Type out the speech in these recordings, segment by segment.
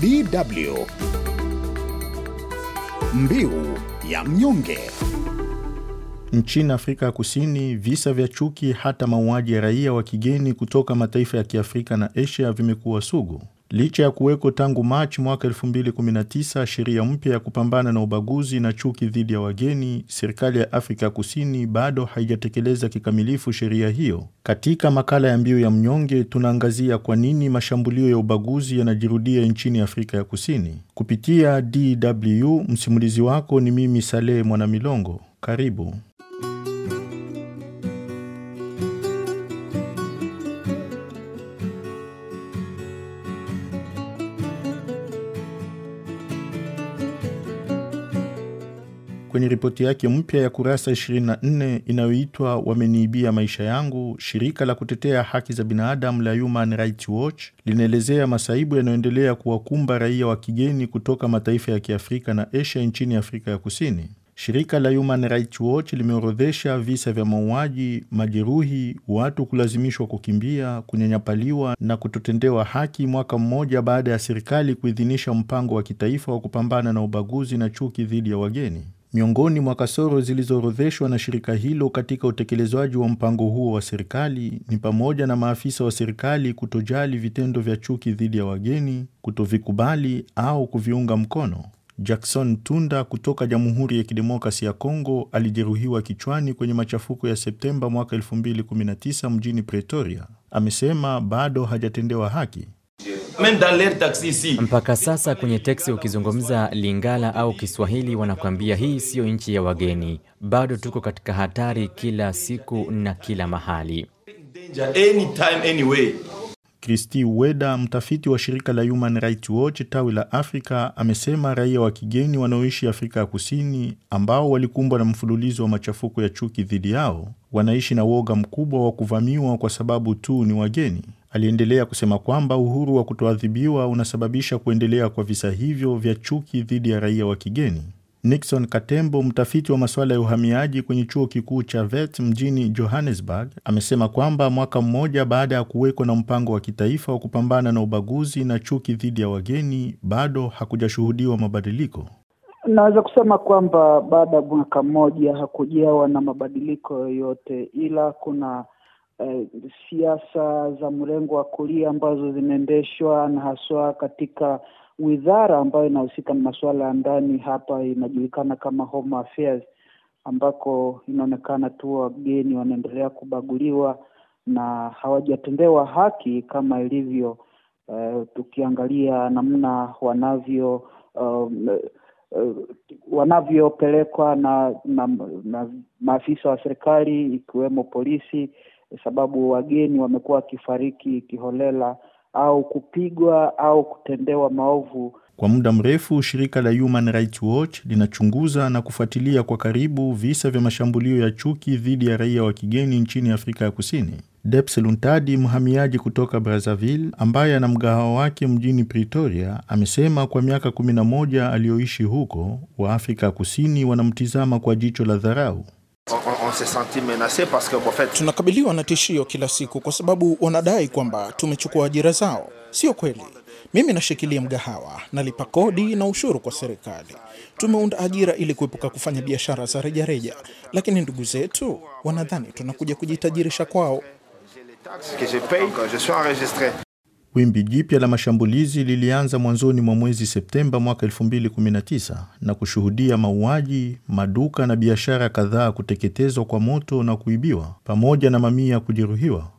DW Mbiu ya mnyonge. Nchini Afrika ya Kusini, visa vya chuki hata mauaji ya raia wa kigeni kutoka mataifa ya Kiafrika na Asia vimekuwa sugu. Licha ya kuweko tangu Machi mwaka 2019 sheria mpya ya kupambana na ubaguzi na chuki dhidi ya wageni, serikali ya Afrika ya Kusini bado haijatekeleza kikamilifu sheria hiyo. Katika makala ya Mbiu ya Mnyonge tunaangazia kwa nini mashambulio ya ubaguzi yanajirudia nchini Afrika ya Kusini. Kupitia DW, msimulizi wako ni mimi Saleh Mwanamilongo. Karibu. ripoti yake mpya ya kurasa 24 inayoitwa wameniibia maisha yangu. Shirika la kutetea haki za binadamu la Human Rights Watch linaelezea masaibu yanayoendelea kuwakumba raia wa kigeni kutoka mataifa ya Kiafrika na Asia nchini Afrika ya Kusini. Shirika la Human Rights Watch limeorodhesha visa vya mauaji, majeruhi, watu kulazimishwa kukimbia, kunyanyapaliwa na kutotendewa haki mwaka mmoja baada ya serikali kuidhinisha mpango wa kitaifa wa kupambana na ubaguzi na chuki dhidi ya wageni. Miongoni mwa kasoro zilizoorodheshwa na shirika hilo katika utekelezwaji wa mpango huo wa serikali ni pamoja na maafisa wa serikali kutojali vitendo vya chuki dhidi ya wageni, kutovikubali au kuviunga mkono. Jackson Tunda kutoka Jamhuri ya Kidemokrasi ya Kongo alijeruhiwa kichwani kwenye machafuko ya Septemba mwaka 2019 mjini Pretoria. Amesema bado hajatendewa haki. Mpaka sasa kwenye teksi ukizungumza Lingala au Kiswahili wanakuambia hii siyo nchi ya wageni. Bado tuko katika hatari kila siku na kila mahali. Kristi weda mtafiti wa shirika la Human Rights Watch tawi la Afrika, amesema raia wa kigeni wanaoishi Afrika ya Kusini ambao walikumbwa na mfululizo wa machafuko ya chuki dhidi yao wanaishi na woga mkubwa wa kuvamiwa kwa sababu tu ni wageni. Aliendelea kusema kwamba uhuru wa kutoadhibiwa unasababisha kuendelea kwa visa hivyo vya chuki dhidi ya raia wa kigeni. Nixon Katembo, mtafiti wa masuala ya uhamiaji kwenye chuo kikuu cha VET mjini Johannesburg, amesema kwamba mwaka mmoja baada ya kuwekwa na mpango wa kitaifa wa kupambana na ubaguzi na chuki dhidi ya wageni, bado hakujashuhudiwa mabadiliko. Naweza kusema kwamba baada ya mwaka mmoja hakujawa na mabadiliko yoyote, ila kuna eh, siasa za mrengo wa kulia ambazo zinaendeshwa na haswa katika wizara ambayo inahusika na masuala ya ndani hapa inajulikana kama Home Affairs, ambako inaonekana tu wageni wanaendelea kubaguliwa na hawajatendewa haki kama ilivyo. Uh, tukiangalia namna wanavyo um, uh, wanavyopelekwa na, na, na maafisa wa serikali ikiwemo polisi sababu wageni wamekuwa wakifariki kiholela au kupigwa au kutendewa maovu. Kwa muda mrefu, shirika la Human Rights Watch linachunguza na kufuatilia kwa karibu visa vya mashambulio ya chuki dhidi ya raia wa kigeni nchini Afrika ya Kusini. depseluntadi Luntadi, mhamiaji kutoka Brazzaville ambaye ana mgahawa wake mjini Pretoria, amesema kwa miaka 11 aliyoishi huko, Waafrika Kusini wanamtizama kwa jicho la dharau tunakabiliwa na tishio kila siku kwa sababu wanadai kwamba tumechukua ajira zao. Sio kweli. Mimi nashikilia mgahawa, nalipa kodi na ushuru kwa serikali. Tumeunda ajira ili kuepuka kufanya biashara za rejareja, lakini ndugu zetu wanadhani tunakuja kujitajirisha kwao. Wimbi jipya la mashambulizi lilianza mwanzoni mwa mwezi Septemba mwaka 2019 na kushuhudia mauaji, maduka na biashara kadhaa kuteketezwa kwa moto na kuibiwa pamoja na mamia kujeruhiwa.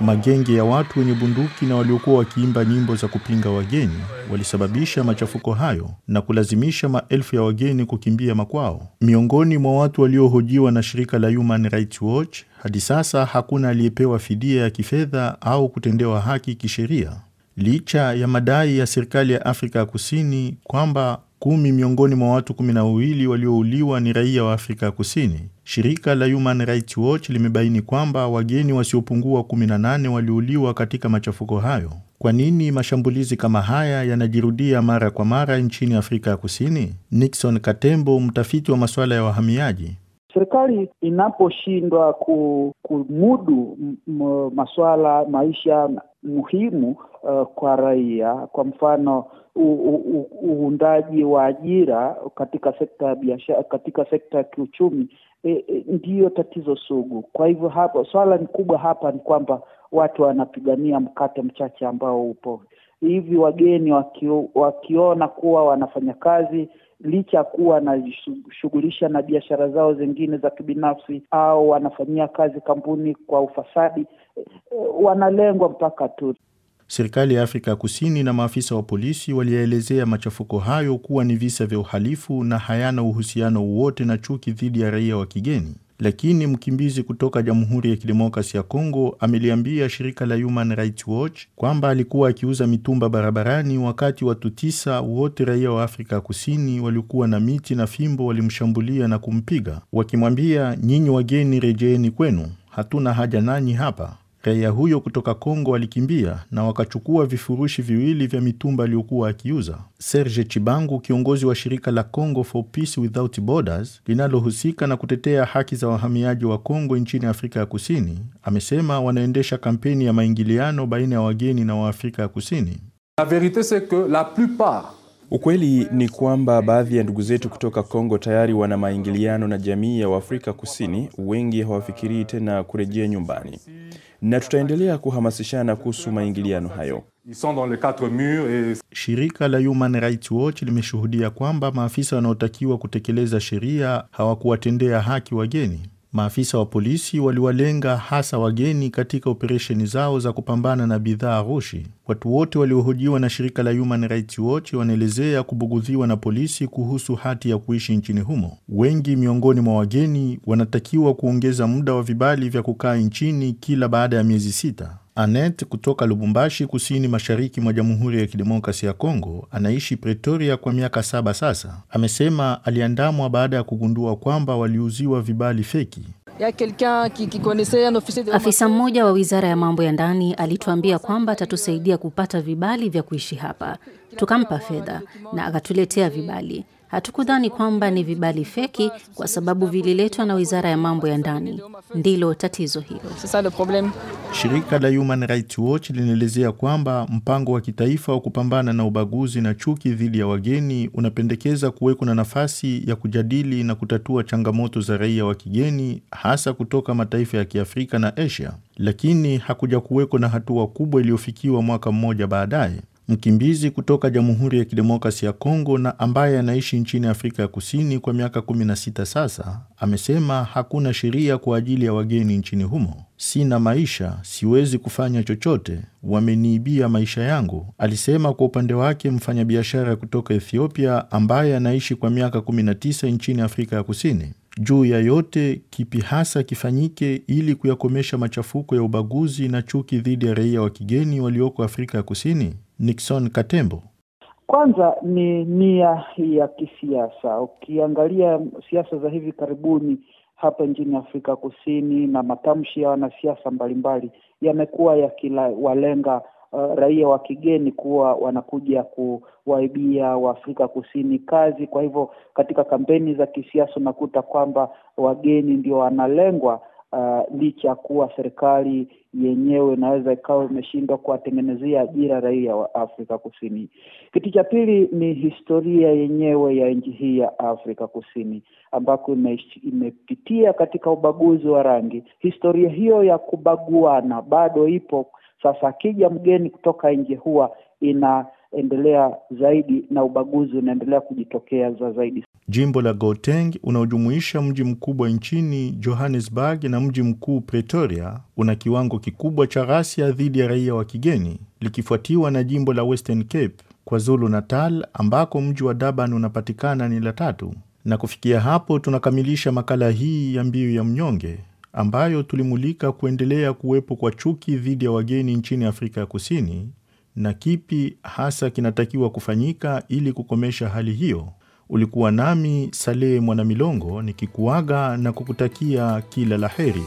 Magenge ya watu wenye bunduki na waliokuwa wakiimba nyimbo za kupinga wageni walisababisha machafuko hayo na kulazimisha maelfu ya wageni kukimbia makwao. Miongoni mwa watu waliohojiwa na shirika la Human Rights Watch, hadi sasa hakuna aliyepewa fidia ya kifedha au kutendewa haki kisheria licha ya madai ya serikali ya Afrika ya Kusini kwamba Kumi miongoni mwa watu kumi na wawili waliouliwa ni raia wa Afrika ya Kusini. Shirika la Human Rights Watch limebaini kwamba wageni wasiopungua 18 waliuliwa katika machafuko hayo. Kwa nini mashambulizi kama haya yanajirudia mara kwa mara nchini Afrika ya Kusini? Nixon Katembo, mtafiti wa masuala ya wahamiaji, Serikali inaposhindwa kumudu masuala maisha muhimu uh, kwa raia, kwa mfano uundaji wa ajira katika sekta ya biashara, katika sekta ya kiuchumi e, e, ndiyo tatizo sugu. Kwa hivyo hapa swala ni kubwa hapa ni kwamba watu wanapigania mkate mchache ambao upo hivi, wageni wakio, wakiona kuwa wanafanya kazi licha ya kuwa wanajishughulisha na biashara zao zingine za kibinafsi au wanafanyia kazi kampuni kwa ufasadi, eh, wanalengwa mpaka tu. Serikali ya Afrika ya Kusini na maafisa wa polisi waliyaelezea machafuko hayo kuwa ni visa vya uhalifu na hayana uhusiano wowote na chuki dhidi ya raia wa kigeni. Lakini mkimbizi kutoka Jamhuri ya Kidemokrasi ya Kongo ameliambia shirika la Human Rights Watch kwamba alikuwa akiuza mitumba barabarani wakati watu tisa wote raia wa Afrika ya Kusini waliokuwa na miti na fimbo walimshambulia na kumpiga wakimwambia, nyinyi wageni, rejeeni kwenu, hatuna haja nanyi hapa. Raia huyo kutoka Kongo alikimbia na wakachukua vifurushi viwili vya mitumba aliyokuwa akiuza. Serge Chibangu, kiongozi wa shirika la Congo for Peace Without Borders linalohusika na kutetea haki za wahamiaji wa Kongo nchini Afrika ya Kusini, amesema wanaendesha kampeni ya maingiliano baina ya wageni na Waafrika ya Kusini. La verite que la plupart Ukweli ni kwamba baadhi ya ndugu zetu kutoka Kongo tayari wana maingiliano na jamii ya Waafrika Kusini. Wengi hawafikirii tena kurejea nyumbani na tutaendelea kuhamasishana kuhusu maingiliano hayo. Shirika la Human Rights Watch limeshuhudia kwamba maafisa wanaotakiwa kutekeleza sheria hawakuwatendea haki wageni. Maafisa wa polisi waliwalenga hasa wageni katika operesheni zao za kupambana na bidhaa ghushi. Watu wote waliohojiwa na shirika la Human Rights Watch wanaelezea kubugudhiwa na polisi kuhusu hati ya kuishi nchini humo. Wengi miongoni mwa wageni wanatakiwa kuongeza muda wa vibali vya kukaa nchini kila baada ya miezi sita. Anet kutoka Lubumbashi, kusini mashariki mwa Jamhuri ya Kidemokrasi ya Kongo, anaishi Pretoria kwa miaka saba sasa. Amesema aliandamwa baada ya kugundua kwamba waliuziwa vibali feki. Afisa mmoja wa wizara ya mambo ya ndani alituambia kwamba atatusaidia kupata vibali vya kuishi hapa, tukampa fedha na akatuletea vibali Hatukudhani kwamba ni vibali feki kwa sababu vililetwa na Wizara ya Mambo ya Ndani. Ndilo tatizo hilo. Shirika la Human Rights Watch linaelezea kwamba mpango wa kitaifa wa kupambana na ubaguzi na chuki dhidi ya wageni unapendekeza kuwekwa na nafasi ya kujadili na kutatua changamoto za raia wa kigeni hasa kutoka mataifa ya Kiafrika na Asia, lakini hakuja kuwekwa na hatua kubwa iliyofikiwa mwaka mmoja baadaye mkimbizi kutoka Jamhuri ya Kidemokrasi ya Kongo na ambaye anaishi nchini Afrika ya Kusini kwa miaka 16 sasa, amesema hakuna sheria kwa ajili ya wageni nchini humo. Sina maisha, siwezi kufanya chochote, wameniibia maisha yangu, alisema. Kwa upande wake, mfanyabiashara kutoka Ethiopia ambaye anaishi kwa miaka 19 nchini Afrika ya Kusini. Juu ya yote, kipi hasa kifanyike ili kuyakomesha machafuko ya ubaguzi na chuki dhidi ya raia wa kigeni walioko Afrika ya Kusini? Nixon Katembo? Kwanza ni nia ya kisiasa. Ukiangalia siasa za hivi karibuni hapa nchini Afrika Kusini na matamshi ya wanasiasa mbalimbali yamekuwa yakiwalenga uh, raia wa kigeni kuwa wanakuja kuwaibia Waafrika Kusini kazi. Kwa hivyo katika kampeni za kisiasa unakuta kwamba wageni ndio wanalengwa uh, licha ya kuwa serikali yenyewe inaweza ikawa imeshindwa kuwatengenezea ajira raia wa Afrika Kusini. Kitu cha pili ni historia yenyewe ya nchi hii ya Afrika Kusini ambako ime, imepitia katika ubaguzi wa rangi. Historia hiyo ya kubaguana bado ipo. Sasa akija mgeni kutoka nje huwa ina unaendelea zaidi na ubaguzi unaendelea kujitokea za zaidi. Jimbo la Gauteng unaojumuisha mji mkubwa nchini Johannesburg na mji mkuu Pretoria una kiwango kikubwa cha ghasia dhidi ya raia wa kigeni likifuatiwa na jimbo la Western Cape. KwaZulu Natal ambako mji wa Durban unapatikana ni la tatu. Na kufikia hapo tunakamilisha makala hii ya Mbiu ya Mnyonge ambayo tulimulika kuendelea kuwepo kwa chuki dhidi ya wageni nchini Afrika ya Kusini na kipi hasa kinatakiwa kufanyika ili kukomesha hali hiyo. Ulikuwa nami Salehe Mwanamilongo nikikuaga na kukutakia kila la heri